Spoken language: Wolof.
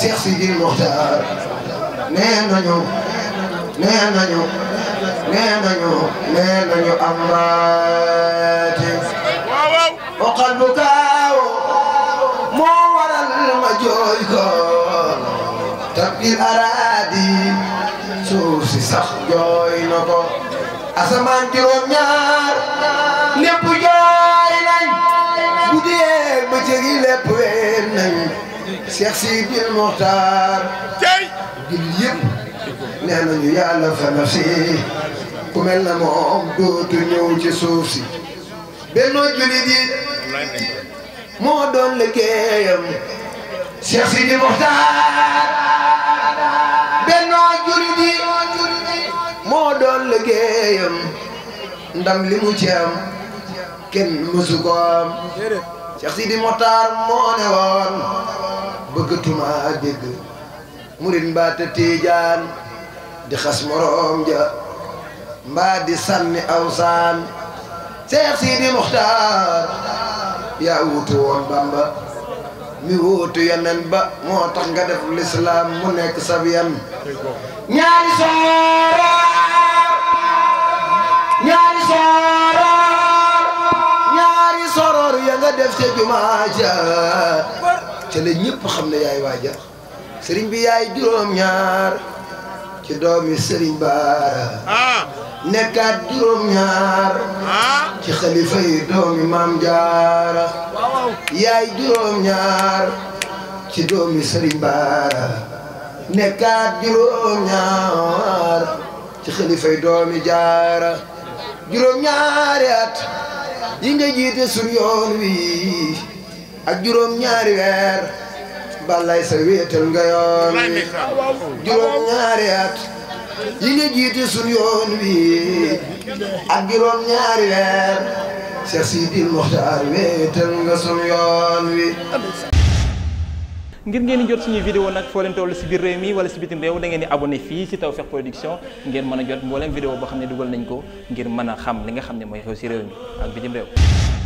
Cheikh Sidi Mokhtar nee nañu nee nañu nee nañu nee nañu amati boqal bu gaaw moo waral ma jooy ko tabdil araadi suuf si sax jooy na ko asamaan juróom-ñaar lépp jooy nañ bu dee ba jëgi lépp Cheikh Sidi Mokhtar jullit yëpp nee nañu yàlla fana fi ku mel na moom dootu ñëw ci suuf si bennoo jullit yi moo moo doon liggéeyam ndam li mu ci moo ne woon bëggatuma dégg murit mbaa te tiijaan di xas moroom ja mbaa di sànni aw saan seex sidi muxtaar yaa wuutu woon bamba mi wuutu yeneen ba moo tax nga def lislaam mu nekk sab yan ñaari soora ñaari soror ya nga def ca jumaa ja ca la ñëpp xam ne yaay waaja sëriñ bi yaay juróom-ñaar ci doomi sëriñ baara ah. nekkaat juróom-ñaar ah. ci xalifa yi doomi maam jaara yaay juróom-ñaar ci doomi sëriñ baara nekkaat juróom-ñaar ci xalifa doomi jaara juróom-ñaari at yi nga jiite suñu yoon wi ak juróom ñaari weer balay sa wéetal nga yoon wi juróom ñaari at yi nga jiite sun yoon wi ak juróom ñaari weer Cheikh Sidi Mokhtar wéetal nga sun yoon wi ngir ngeen jot suñuy vidéo nag foo leen toll si biir réew mi wala si bitim réew dangeen ngeen di abonné fii si Tawfekh Production ngeen mën a jot mbooleem vidéo boo xam ne dugal nañ ko ngir mën a xam li nga xam ne mooy si réew mi ak bitim réew